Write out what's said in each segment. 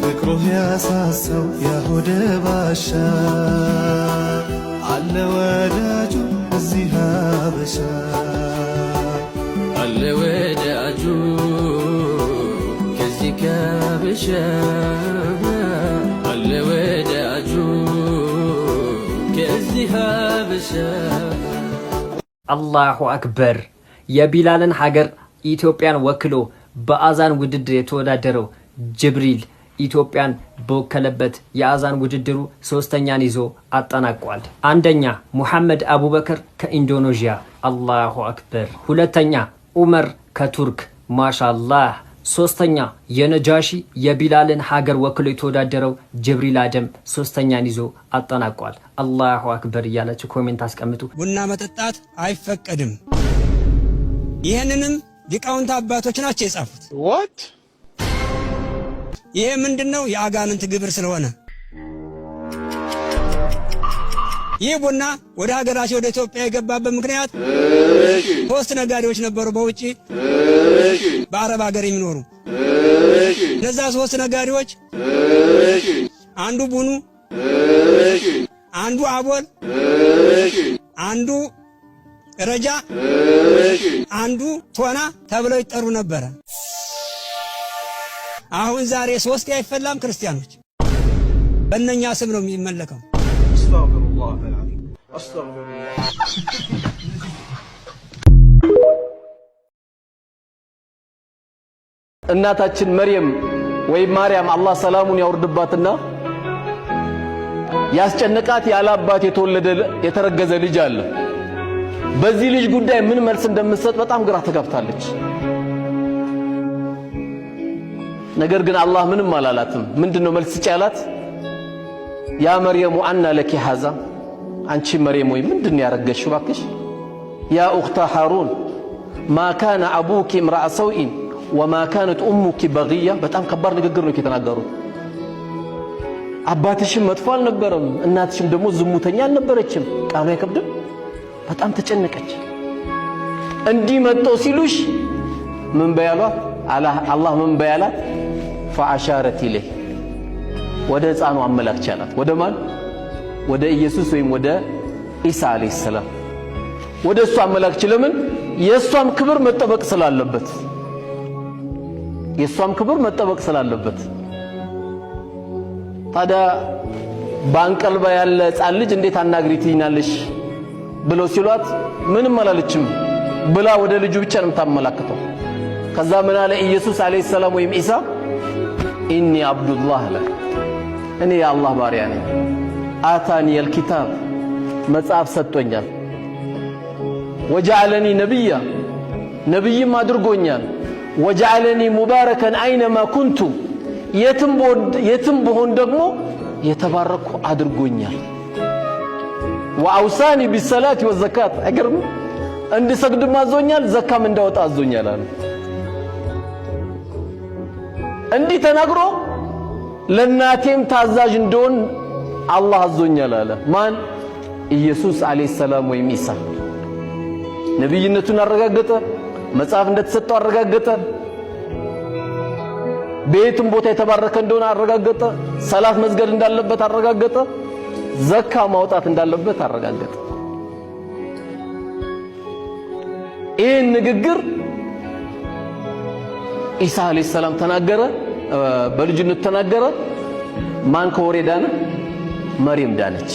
ፍቅሩ ያሳሰው የሆድ ባሻ አለ ወዳጁ እዚህ ሀበሻ አለ ወዳጁ ከዚህ ከሀበሻ አለ ወዳጁ ከዚህ ሀበሻ። አላሁ አክበር! የቢላልን ሀገር ኢትዮጵያን ወክሎ በአዛን ውድድር የተወዳደረው ጅብሪል ኢትዮጵያን በወከለበት የአዛን ውድድሩ ሶስተኛን ይዞ አጠናቋል። አንደኛ ሙሐመድ አቡበከር ከኢንዶኔዥያ አላሁ አክበር፣ ሁለተኛ ኡመር ከቱርክ ማሻላህ፣ ሶስተኛ የነጃሺ የቢላልን ሀገር ወክሎ የተወዳደረው ጅብሪል አደም ሶስተኛን ይዞ አጠናቋል። አላሁ አክበር እያላችሁ ኮሜንት አስቀምጡ። ቡና መጠጣት አይፈቀድም። ይህንንም ሊቃውንት አባቶች ናቸው የጻፉት። ወት ይሄ ምንድን ነው? የአጋንንት ግብር ስለሆነ ይህ ቡና ወደ ሀገራችን ወደ ኢትዮጵያ የገባበት ምክንያት ሶስት ነጋዴዎች ነበሩ በውጭ በአረብ ሀገር የሚኖሩ እነዛ ሶስት ነጋዴዎች አንዱ ቡኑ፣ አንዱ አቦል፣ አንዱ ረጃ፣ አንዱ ቶና ተብለው ይጠሩ ነበረ። አሁን ዛሬ ሶስት አይፈላም። ክርስቲያኖች በእነኛ ስም ነው የሚመለከው። እናታችን መርየም ወይም ማርያም አላህ ሰላሙን ያወርድባትና ያስጨነቃት ያለ አባት የተወለደ የተረገዘ ልጅ አለ። በዚህ ልጅ ጉዳይ ምን መልስ እንደምትሰጥ በጣም ግራ ተጋብታለች። ነገር ግን አላህ ምንም አላላትም። ምንድነው መልስ ስጪ ያላት? ያ መርየሙ አና ለኪ ሀዛ፣ አንቺ መርየም ወይ ምንድን ያረገሽው ባክሽ? ያ ኡኽታ ሃሩን ማ ካነ አቡኪ ምራአ ሰውኢን ወማ ካነት ኡሙኪ በግያ። በጣም ከባድ ንግግር ነው የተናገሩት። አባትሽም መጥፎ አልነበረም፣ እናትሽም ደግሞ ዝሙተኛ አልነበረችም። ቃሉ አይከብድም? በጣም ተጨነቀች። እንዲህ መጦ ሲሉሽ ምን በያሏት? አላህ ምን በያላት? ፈአሻረት ኢለይህ ወደ ሕፃኑ አመላክች አላት። ወደ ማን? ወደ ኢየሱስ ወይም ወደ ኢሳ አለይሂ ሰላም። ወደ እሱ አመላክች። ለምን? የእሷም ክብር መጠበቅ ስላለበት የእሷም ክብር መጠበቅ ስላለበት። ታዲያ በአንቀልባ ያለ ሕፃን ልጅ እንዴት አናግሪ ትይናለሽ? ብለው ሲሏት ምንም አላለችም ብላ ወደ ልጁ ብቻ ነው የምታመላክተው። ከዛ ምን አለ ኢየሱስ አለይሂ ሰላም ወይም ኢሳ ኢኒ አብዱላህ አለ፣ እኔ የአላህ ባሪያ ነኝ። አታኒ ኪታብ መጽሐፍ ሰጥቶኛል። ወጀዐለኒ ነቢያ ነቢይም አድርጎኛል። ወጀዐለኒ ሙባረከን አይነማ ኩንቱ የትም በሆን ደግሞ የተባረኩ አድርጎኛል። ወአውሳኒ ቢሰላት ወዘካት አይገርም። እንድሰግድም አዞኛል፣ ዘካም እንዳወጣ አዞኛል አለ። እንዲህ ተናግሮ ለእናቴም ታዛዥ እንደሆን አላህ አዞኛል አለ። ማን? ኢየሱስ አለይሂ ሰላም ወይም ኢሳ። ነብይነቱን አረጋገጠ፣ መጽሐፍ እንደተሰጠው አረጋገጠ፣ በየትም ቦታ የተባረከ እንደሆነ አረጋገጠ፣ ሰላት መስገድ እንዳለበት አረጋገጠ። ዘካ ማውጣት እንዳለበት አረጋገጠ። ይህን ንግግር ኢሳ አለይሂ ሰላም ተናገረ፣ በልጅነት ተናገረ። ማን ከወሬ ዳነ? መርየም ዳነች።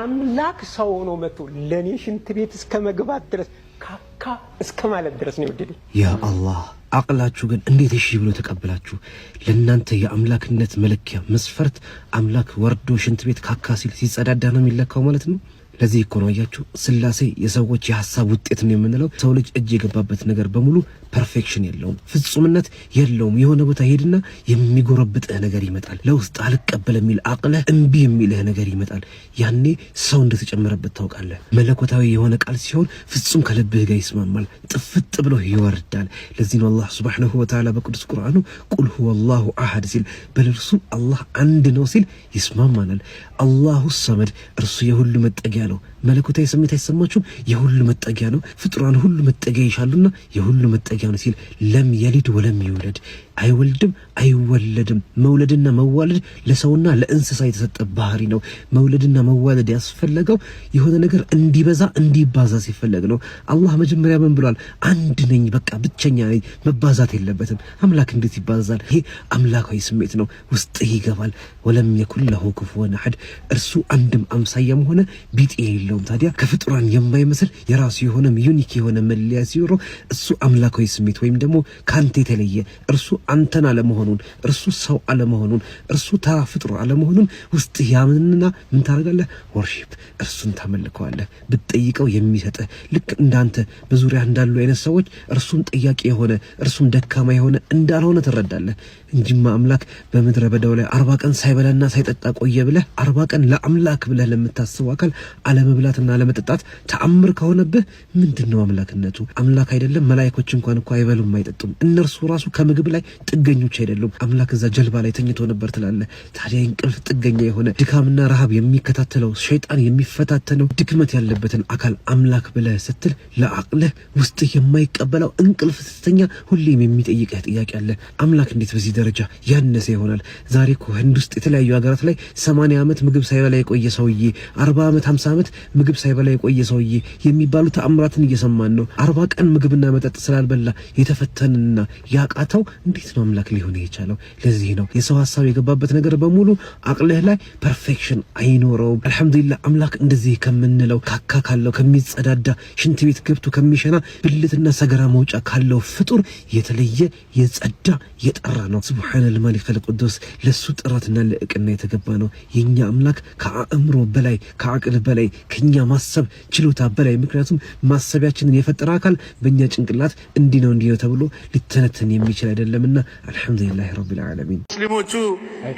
አምላክ ሰው ሆኖ መጥቶ ለኔ ሽንት ቤት እስከ መግባት ድረስ ካካ እስከ ማለት ድረስ ነው የወደደኝ ያ አላህ አቅላችሁ ግን እንዴት እሺ ብሎ ተቀበላችሁ? ለእናንተ የአምላክነት መለኪያ መስፈርት አምላክ ወርዶ ሽንት ቤት ካካ ሲል ሲጸዳዳ ነው የሚለካው ማለት ነው። ለዚህ እኮ ነው እያችሁ ስላሴ የሰዎች የሀሳብ ውጤት ነው የምንለው። ሰው ልጅ እጅ የገባበት ነገር በሙሉ ፐርፌክሽን የለውም፣ ፍጹምነት የለውም። የሆነ ቦታ ሄድና የሚጎረብጥህ ነገር ይመጣል። ለውስጥ አልቀበል የሚል አቅለህ እምቢ የሚልህ ነገር ይመጣል። ያኔ ሰው እንደተጨመረበት ታውቃለህ። መለኮታዊ የሆነ ቃል ሲሆን ፍጹም ከልብህ ጋር ይስማማል፣ ጥፍጥ ብሎ ይወርዳል። ለዚህ ነው አላህ ሱብሓነሁ ወተዓላ በቅዱስ ቁርአኑ ቁል ሁወ አላሁ አሐድ ሲል በልርሱ አላህ አንድ ነው ሲል ይስማማናል። አላሁ ሰመድ እርሱ የሁሉ መጠጊያ ነው። ano መለኮታዊ ስሜት አይሰማችሁም? የሁሉ መጠጊያ ነው። ፍጡራን ሁሉ መጠጊያ ይሻሉና የሁሉ መጠጊያ ነው ሲል ለም የሊድ ወለም ይውለድ፣ አይወልድም አይወለድም። መውለድና መዋለድ ለሰውና ለእንስሳ የተሰጠ ባህሪ ነው። መውለድና መዋለድ ያስፈለገው የሆነ ነገር እንዲበዛ እንዲባዛ ሲፈለግ ነው። አላህ መጀመሪያ ምን ብሏል? አንድ ነኝ፣ በቃ ብቸኛ ነኝ፣ መባዛት የለበትም። አምላክ እንዴት ይባዛል? ይሄ አምላካዊ ስሜት ነው፣ ውስጥ ይገባል። ወለም የኩን ለሁ ኩፉወን አሐድ እርሱ አንድም አምሳያም ሆነ ቢጤ የሌለው የለውም። ታዲያ ከፍጡራን የማይመስል የራሱ የሆነ ዩኒክ የሆነ መለያ ሲኖረው እሱ አምላካዊ ስሜት ወይም ደግሞ ከአንተ የተለየ እርሱ አንተን አለመሆኑን እርሱ ሰው አለመሆኑን እርሱ ተራ ፍጡር አለመሆኑን ውስጥ ያምንና ምን ታደርጋለህ? ወርሺፕ እርሱን ታመልከዋለህ። ብትጠይቀው የሚሰጥህ ልክ እንዳንተ በዙሪያ እንዳሉ አይነት ሰዎች እርሱም ጠያቂ የሆነ እርሱም ደካማ የሆነ እንዳልሆነ ትረዳለህ። እንጂማ አምላክ በምድረ በዳው ላይ አርባ ቀን ሳይበላና ሳይጠጣ ቆየ ብለህ አርባ ቀን ለአምላክ ብለህ ለምታስቡ አካል አለመብላትና አለመጠጣት ተአምር ከሆነብህ ምንድን ነው አምላክነቱ? አምላክ አይደለም መላይኮች እንኳን እኮ አይበሉም አይጠጡም። እነርሱ ራሱ ከምግብ ላይ ጥገኞች አይደሉም። አምላክ እዛ ጀልባ ላይ ተኝቶ ነበር ትላለህ። ታዲያ እንቅልፍ ጥገኛ የሆነ ድካምና ረሃብ የሚከታተለው ሸይጣን የሚፈታተነው ድክመት ያለበትን አካል አምላክ ብለህ ስትል ለአቅልህ ውስጥ የማይቀበለው እንቅልፍ ስተኛ ሁሌም የሚጠይቀህ ጥያቄ አለ። አምላክ እንዴት በዚህ ደረጃ ያነሰ ይሆናል። ዛሬ እኮ ህንድ ውስጥ የተለያዩ ሀገራት ላይ 80 ዓመት ምግብ ሳይበላ የቆየ ሰውዬ፣ 40 ዓመት 50 ዓመት ምግብ ሳይበላ የቆየ ሰውዬ የሚባሉ ተአምራትን እየሰማን ነው። 40 ቀን ምግብና መጠጥ ስላልበላ የተፈተንና ያቃተው እንዴት ነው አምላክ ሊሆን የቻለው? ለዚህ ነው የሰው ሀሳብ የገባበት ነገር በሙሉ አቅልህ ላይ ፐርፌክሽን አይኖረውም። አልሐምዱሊላህ አምላክ እንደዚህ ከምንለው ካካ ካለው ከሚጸዳዳ ሽንት ቤት ገብቶ ከሚሸና ብልትና ሰገራ መውጫ ካለው ፍጡር የተለየ የጸዳ የጠራ ነው። ሱብሓነል ማሊክ ቅዱስ ለሱ ጥራትና ለእቅና የተገባ ነው። የኛ አምላክ ከአእምሮ በላይ ከአቅል በላይ ከኛ ማሰብ ችሎታ በላይ ምክንያቱም ማሰቢያችንን የፈጠረ አካል በእኛ ጭንቅላት እንዲህ ነው እንዲህ ነው ተብሎ ሊተነተን የሚችል አይደለምና አልሐምዱሊላህ ረቢል ዓለሚን። ሙስሊሞቹ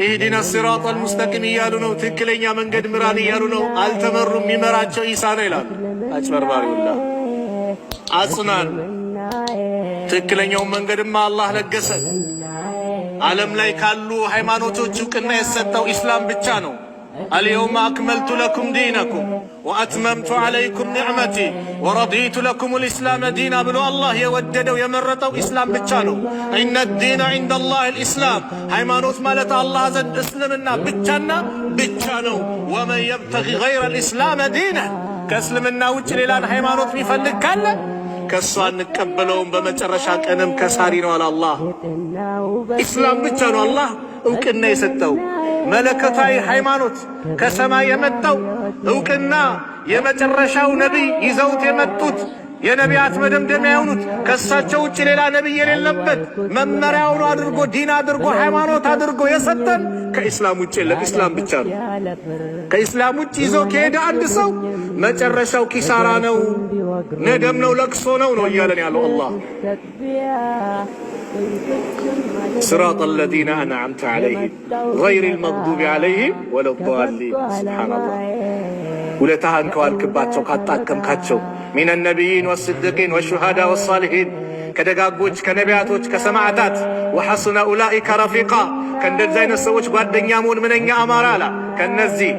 ኢህዲና ሲራጠል ሙስተቂም እያሉ ነው፣ ትክክለኛ መንገድ ምራን እያሉ ነው። አልተመሩም፣ የሚመራቸው ኢሳ ነው ይላሉ። አጭበርባሪውላ አጽናን። ትክክለኛውን መንገድማ አላህ ለገሰ። ዓለም ላይ ካሉ ሃይማኖቶች እውቅና የሰጠው ኢስላም ብቻ ነው። አልየውመ አክመልቱ ለኩም ዲነኩም ወአትመምቱ ዓለይኩም ኒዕመቲ ወረዲቱ ለኩም ልእስላመ ዲና ብሎ አላህ የወደደው የመረጠው ኢስላም ብቻ ነው። እነ ዲነ ዒንደ ላህ ልእስላም ሃይማኖት ማለት አላህ ዘንድ እስልምና ብቻና ብቻ ነው። ወመን የብተጊ ገይረ ልእስላመ ዲነ ከእስልምና ውጭ ሌላን ሃይማኖት ሚፈልግ ካለ ከእሱ አንቀበለውም፣ በመጨረሻ ቀንም ከሳሪ ነው አለ አላህ። ኢስላም ብቻ ነው አላህ እውቅና የሰጠው መለከታዊ ሃይማኖት ከሰማይ የመጣው እውቅና የመጨረሻው ነቢይ ይዘውት የመጡት የነቢያት መደምደሚያ የሆኑት ከእሳቸው ውጭ ሌላ ነቢይ የሌለበት መመሪያውን አድርጎ ዲን አድርጎ ሃይማኖት አድርጎ የሰጠን ከኢስላም ውጭ የለም። ኢስላም ብቻ ነው። ከኢስላም ውጭ ይዞ ከሄደ አንድ ሰው መጨረሻው ኪሳራ ነው፣ ነደም ነው፣ ለቅሶ ነው ነው እያለን ያለው አላህ ስራጥ አለዚነ አንዓምተ ዓለይሂም ገይሪል መግዱቢ ዓለይሂም ወለዳሊን። ሱብሓነላህ ውለታህን ከዋልክባቸው ካጣቀምካቸው ሚነ ነቢይን ወስድቂን ወሹሃዳ ወሳሊሒን ከደጋጎች ከነቢያቶች ከሰማዕታት ወሐስነ ኡላኢከ ረፊቃ ከእንደዚህ አይነት ሰዎች ጓደኛ መሆን ምንኛ አማራ አላ ከእነዚህ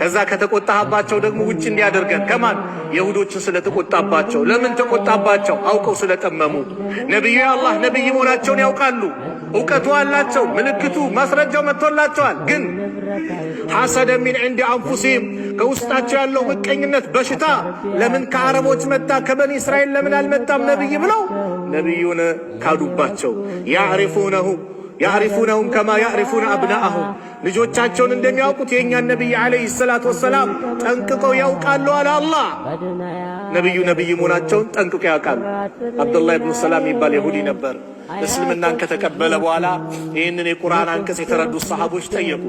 ከዛ ከተቆጣህባቸው ደግሞ ውጭ እንዲያደርገን ከማን የሁዶችን ስለተቆጣባቸው ለምን ተቆጣባቸው አውቀው ስለጠመሙ ነቢዩ የአላህ ነቢይ መሆናቸውን ያውቃሉ እውቀቱ አላቸው ምልክቱ ማስረጃው መጥቶላቸዋል ግን ሐሰደን ሚን ዕንዲ አንፉሲም ከውስጣቸው ያለው ምቀኝነት በሽታ ለምን ከአረቦች መጣ ከበኒ እስራኤል ለምን አልመጣም ነቢይ ብለው ነቢዩን ካዱባቸው። ያዕሪፉነሁ ያዕሪፉነሁም ከማ ያዕሪፉነ አብናአሁም ልጆቻቸውን እንደሚያውቁት የእኛን ነቢይ ዓለይሂ ሰላት ወሰላም ጠንቅቀው ያውቃሉ አለ አላህ። ነቢዩ ነቢይ መሆናቸውን ጠንቅቀው ያውቃሉ። አብዱላህ ብኑ ሰላም ይባል የሁዲ ነበር። እስልምናን ከተቀበለ በኋላ ይህንን የቁርአን አንቀጽ የተረዱ ሰሃቦች ጠየቁ።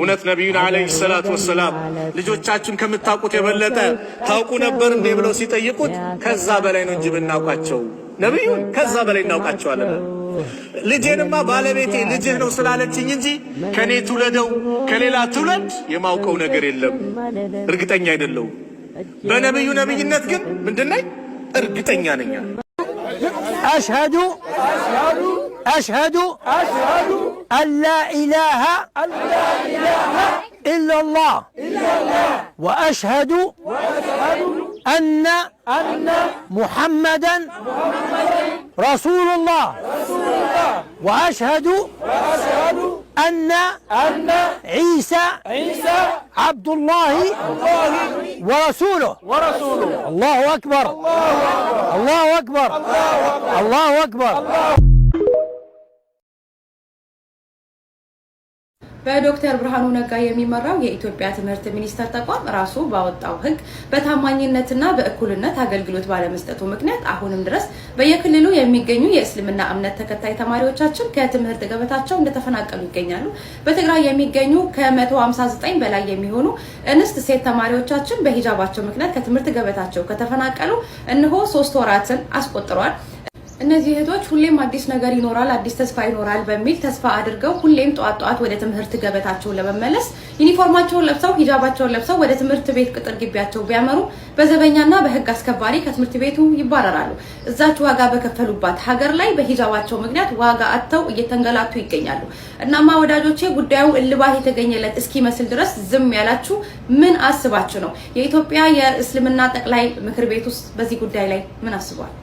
እውነት ነቢዩን አለይሂ ሰላቱ ወሰላም ልጆቻችን ከምታውቁት የበለጠ ታውቁ ነበር እንዴ ብለው ሲጠይቁት ከዛ በላይ ነው እንጂ ብናውቃቸው ነቢዩን ከዛ በላይ እናውቃቸዋለን። ልጄንማ ባለቤቴ ልጅህ ነው ስላለችኝ እንጂ ከኔ ትውለደው ከሌላ ትውለድ የማውቀው ነገር የለም፣ እርግጠኛ አይደለሁም። በነቢዩ ነቢይነት ግን ምንድነኝ እርግጠኛ ነኛ። أشهد أشهد أشهد أشهد أن لا إله أن لا إله إلا الله إلا الله وأشهد وأشهد أن أن محمدا محمدا رسول الله رسول الله وأشهد وأشهد أن أن عيسى عيسى عبد الله الله ورسوله ورسوله الله أكبر الله أكبر الله أكبر الله أكبر, الله أكبر. الله أكبر. الله أكبر. በዶክተር ብርሃኑ ነጋ የሚመራው የኢትዮጵያ ትምህርት ሚኒስቴር ተቋም ራሱ ባወጣው ሕግ በታማኝነትና በእኩልነት አገልግሎት ባለመስጠቱ ምክንያት አሁንም ድረስ በየክልሉ የሚገኙ የእስልምና እምነት ተከታይ ተማሪዎቻችን ከትምህርት ገበታቸው እንደተፈናቀሉ ይገኛሉ። በትግራይ የሚገኙ ከ159 በላይ የሚሆኑ እንስት ሴት ተማሪዎቻችን በሂጃባቸው ምክንያት ከትምህርት ገበታቸው ከተፈናቀሉ እነሆ ሶስት ወራትን አስቆጥሯል። እነዚህ እህቶች ሁሌም አዲስ ነገር ይኖራል፣ አዲስ ተስፋ ይኖራል በሚል ተስፋ አድርገው ሁሌም ጠዋት ጠዋት ወደ ትምህርት ገበታቸው ለመመለስ ዩኒፎርማቸውን ለብሰው ሂጃባቸውን ለብሰው ወደ ትምህርት ቤት ቅጥር ግቢያቸው ቢያመሩ በዘበኛና በሕግ አስከባሪ ከትምህርት ቤቱ ይባረራሉ። እዛች ዋጋ በከፈሉባት ሀገር ላይ በሂጃባቸው ምክንያት ዋጋ አጥተው እየተንገላቱ ይገኛሉ። እናማ ወዳጆቼ ጉዳዩ እልባት የተገኘለት እስኪመስል ድረስ ዝም ያላችሁ ምን አስባችሁ ነው? የኢትዮጵያ የእስልምና ጠቅላይ ምክር ቤት ውስጥ በዚህ ጉዳይ ላይ ምን አስቧል?